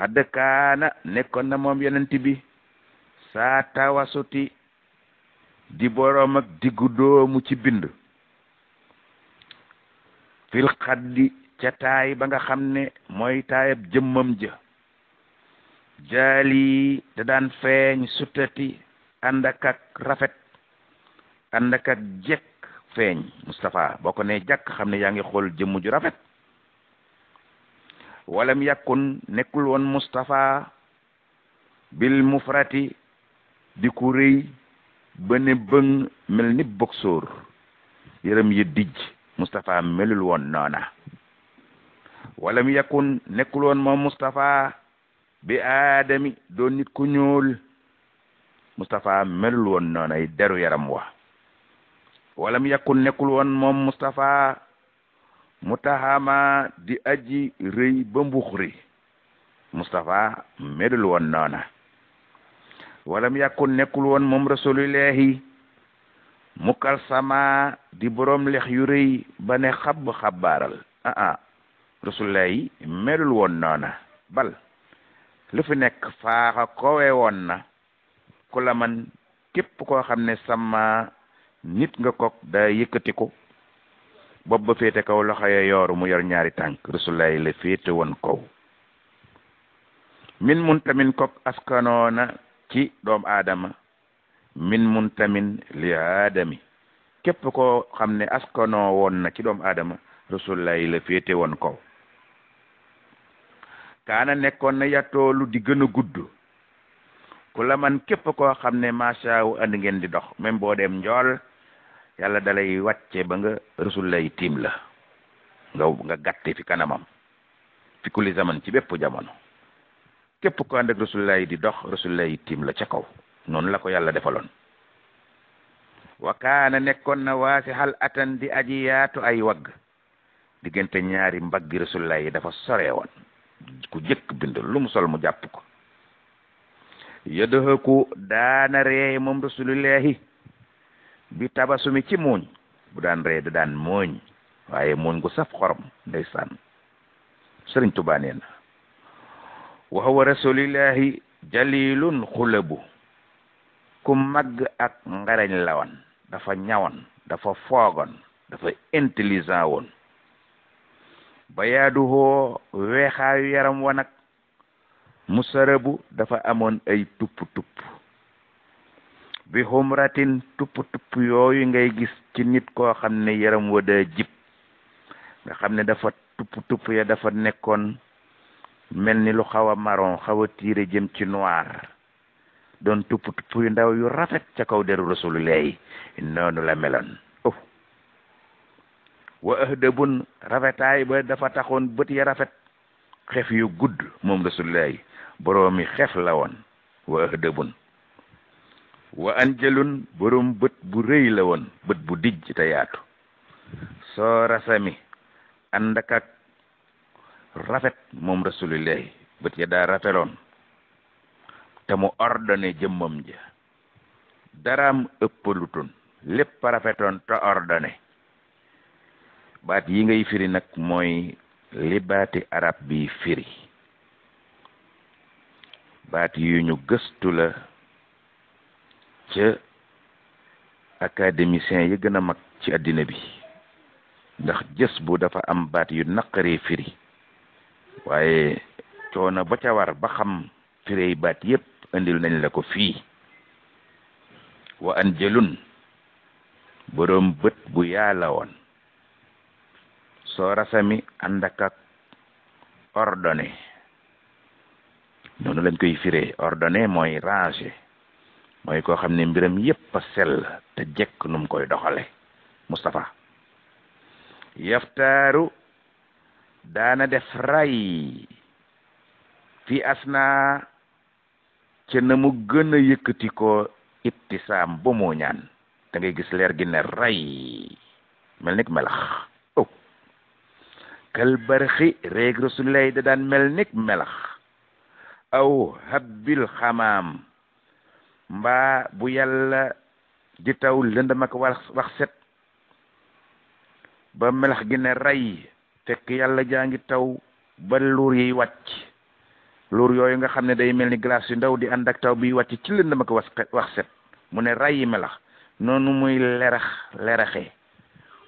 xadd kaana nekkoon na moom yonent bi saa tawasuti di boroom ak digu doomu ci bind fil xaddi ca ba nga xam ne mooy taayab jëmmam ja jaali te daan feeñ sutati ànd ak ak rafet ànd ak ak feeñ Moustapha boo ko ne jàkk xam ne yaa ngi xool jëmm ju rafet walam yakkun nekkul woon Mustapha bil mufrati di ku rëy ba ne bëng mel ni boxeur yërëm yi dijj Mustapha melul woon noona walam yakkun nekkul woon moom Mustapha bi aadami doon nit ku ñuul Mustapha melul woon noona yi deru yaram wa walam yakkun nekkul woon moom Mustapha mu taxama di aji rëy ba mbux ri Mustapha melul woon noona walam yàkkun nekkul woon moom rasulillahi mukkal sama di boroom lex yu rëy ba ne xab xabaaral ah ah rasulillahi melul woon noona bal lu fi nekk faaxa kowe woon na ku la képp koo xam ne sama nit nga kook da yëkkati ko bopp ba féete kaw loxo ya yooru mu yor ñaari tànk rasulaay la féete woon kaw min mun tamin kok askanoona ci doom aadama min mun tamin li aadami képp koo xam ne askanoo woon na ci doom aadama rasulaay la féete woon kaw kaana nekkoon na yattoolu di gën a gudd ku la man képp koo xam ne maasaawu andi ngeen di dox même boo dem njool yàlla dalay wàcce ba nga rasul tiim la nga nga gàtte fi kanamam fi kulli zaman ci bépp jamono képp ko ànd ak di dox rasulullah tiim la ca kaw noonu la ko yàlla defaloon wakaana nekkoon na waasi xal atan di aji yaatu ay wagg diggante ñaari mbagg rasulullah yi dafa sore ku jëkk bind lu mu sol mu jàpp ko yadhaku daana reey moom rasulullahi bi tabasumi ci muuñ bu daan ree da daan mooñ waaye mooñ gu saf xorom ndeysaan sëriñ Tuubaa nee na wa huwa rasulillahi jalilun xulabu ku màgg ak ngarañ lawan dafa ñawoon dafa foogoon dafa intelligent woon ba yaaduhoo weexaayu yaram wa nag musarabu dafa amoon ay tupp tupp bi xumratin tupp tupp yooyu ngay gis ci nit koo xam ne yaram wa daa jib nga xam ne dafa tupp tupp ya dafa nekkoon mel ni lu xaw a marron xaw a tiire jëm ci noir doon tupp tupp yu ndaw yu rafet ca kaw deru rasulullahi noonu la meloon oh. wa ahdabun rafetaay ba dafa taxoon bët ya rafet xef yu gudd moom rasulullahi boroomi xef la woon wa ahdabun wa anjalun borom bët bu rëy la woon bët bu dijj te yaatu soo rasami ànd ak rafet moom rasulillahi bët ya daa rafetoon te mu ordonné jëmmam ja daraam ëppalutoon lépp rafetoon te ordonné baat yi ngay firi nag mooy li baati arab bi firi baat yu ñu gëstu la ca académiciens yi gën a mag ci àddina bi ndax jës bu dafa am baat yu naqaree firi waaye coono ba ca war ba xam firey baat yépp indil nañ la ko fii wa an jëlun boroom bët bu yaala woon soo rasami ànd ak ordonné noonu lañ koy firee ordonné mooy rangé mooy koo xam ne mbiram yépp a sell te jekk num koy doxale Moustapha yaftaaru daana def ray fi asna ci na mu gën a yëkkati ko ba moo ñaan da ngay gis leer gi ne ray mel nik melax oh kal barxi réeg da daan mel nik melax aw habbil xamaam mbaa bu yàlla di taw lëndëm ak wax wax set ba melax gi ne rey fekk yàlla jaa ngi taw ba luur yiy wàcc luur yooyu nga xam ne day mel ni glace yu ndaw di ànd ak taw biy wàcc ci lëndëm ak wax set mu ne rey melax noonu muy lerax leraxe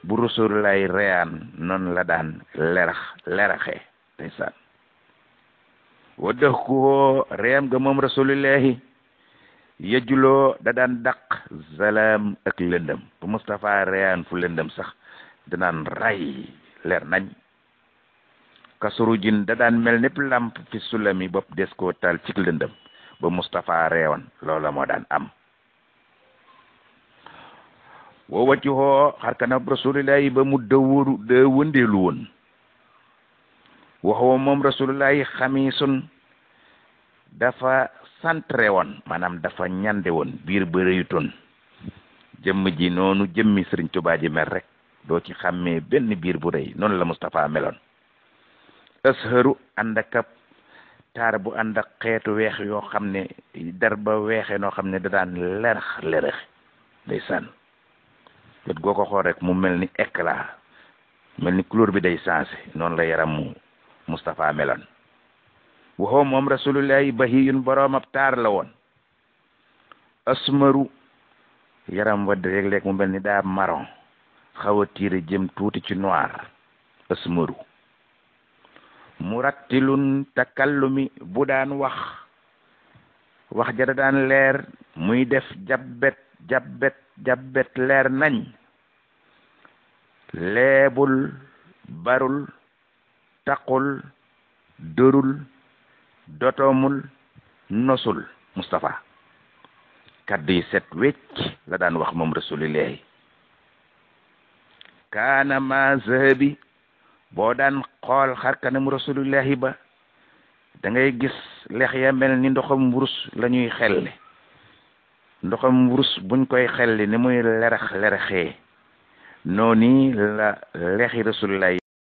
bu rasul lay reyaan noonu la daan lerax leraxe ndeysaan wa dëx ku reyam ga moom rasulillahi yejjuloo da daan daq zalaam ak lëndëm bu Moustapha reyaan fu lëndëm sax da daan ray leer nañ kasuru da daan mel népp làmp fi sulami bopp des koo taal cik lëndëm ba Moustapha reewoon loola moo daan am woo wacci xoo xar kanam rasulillahi ba mu dëwëru dë wëndeelu woon moom rasulillahi xamisun dafa centré woon maanaam dafa ñande woon biir ba rëyutoon jëmm ji noonu jëmmi sëriñ Tuubaa ji mel rek doo ci xàmmee benn biir bu rëy noonu la Moustapha meloon asharu ànd ak ab taar bu ànd ak xeetu weex yoo xam ne dar ba weexe noo xam ne da daan lerax lerax day sànn jot goo ko xool rek mu mel ni éclat mel ni couleur bi day changé noonu la yaram mu Moustapha meloon waxoo moom rasulullahi bahiyun boroom ab taar la woon asmaru yaram wadd léeg-léeg mu mel ni daa marron xaw a tiire jëm tuuti ci noir asmaru murattilun takallumi bu daan wax wax ja da daan leer muy def jabbet jabbet jabbet leer nañ leebul barul takul dërul dotoomul nosul Moustapha kaddu yi set wecc la daan wax moom rasulillahi kaana ma zahabi boo daan xool xar kanam rasulillahi ba dangay gis lex ya mel ni ndoxam wurus la ñuy xelli ndoxam wurus buñ koy xelli ni muy lerax leraxee noonu la lexi rasulillahi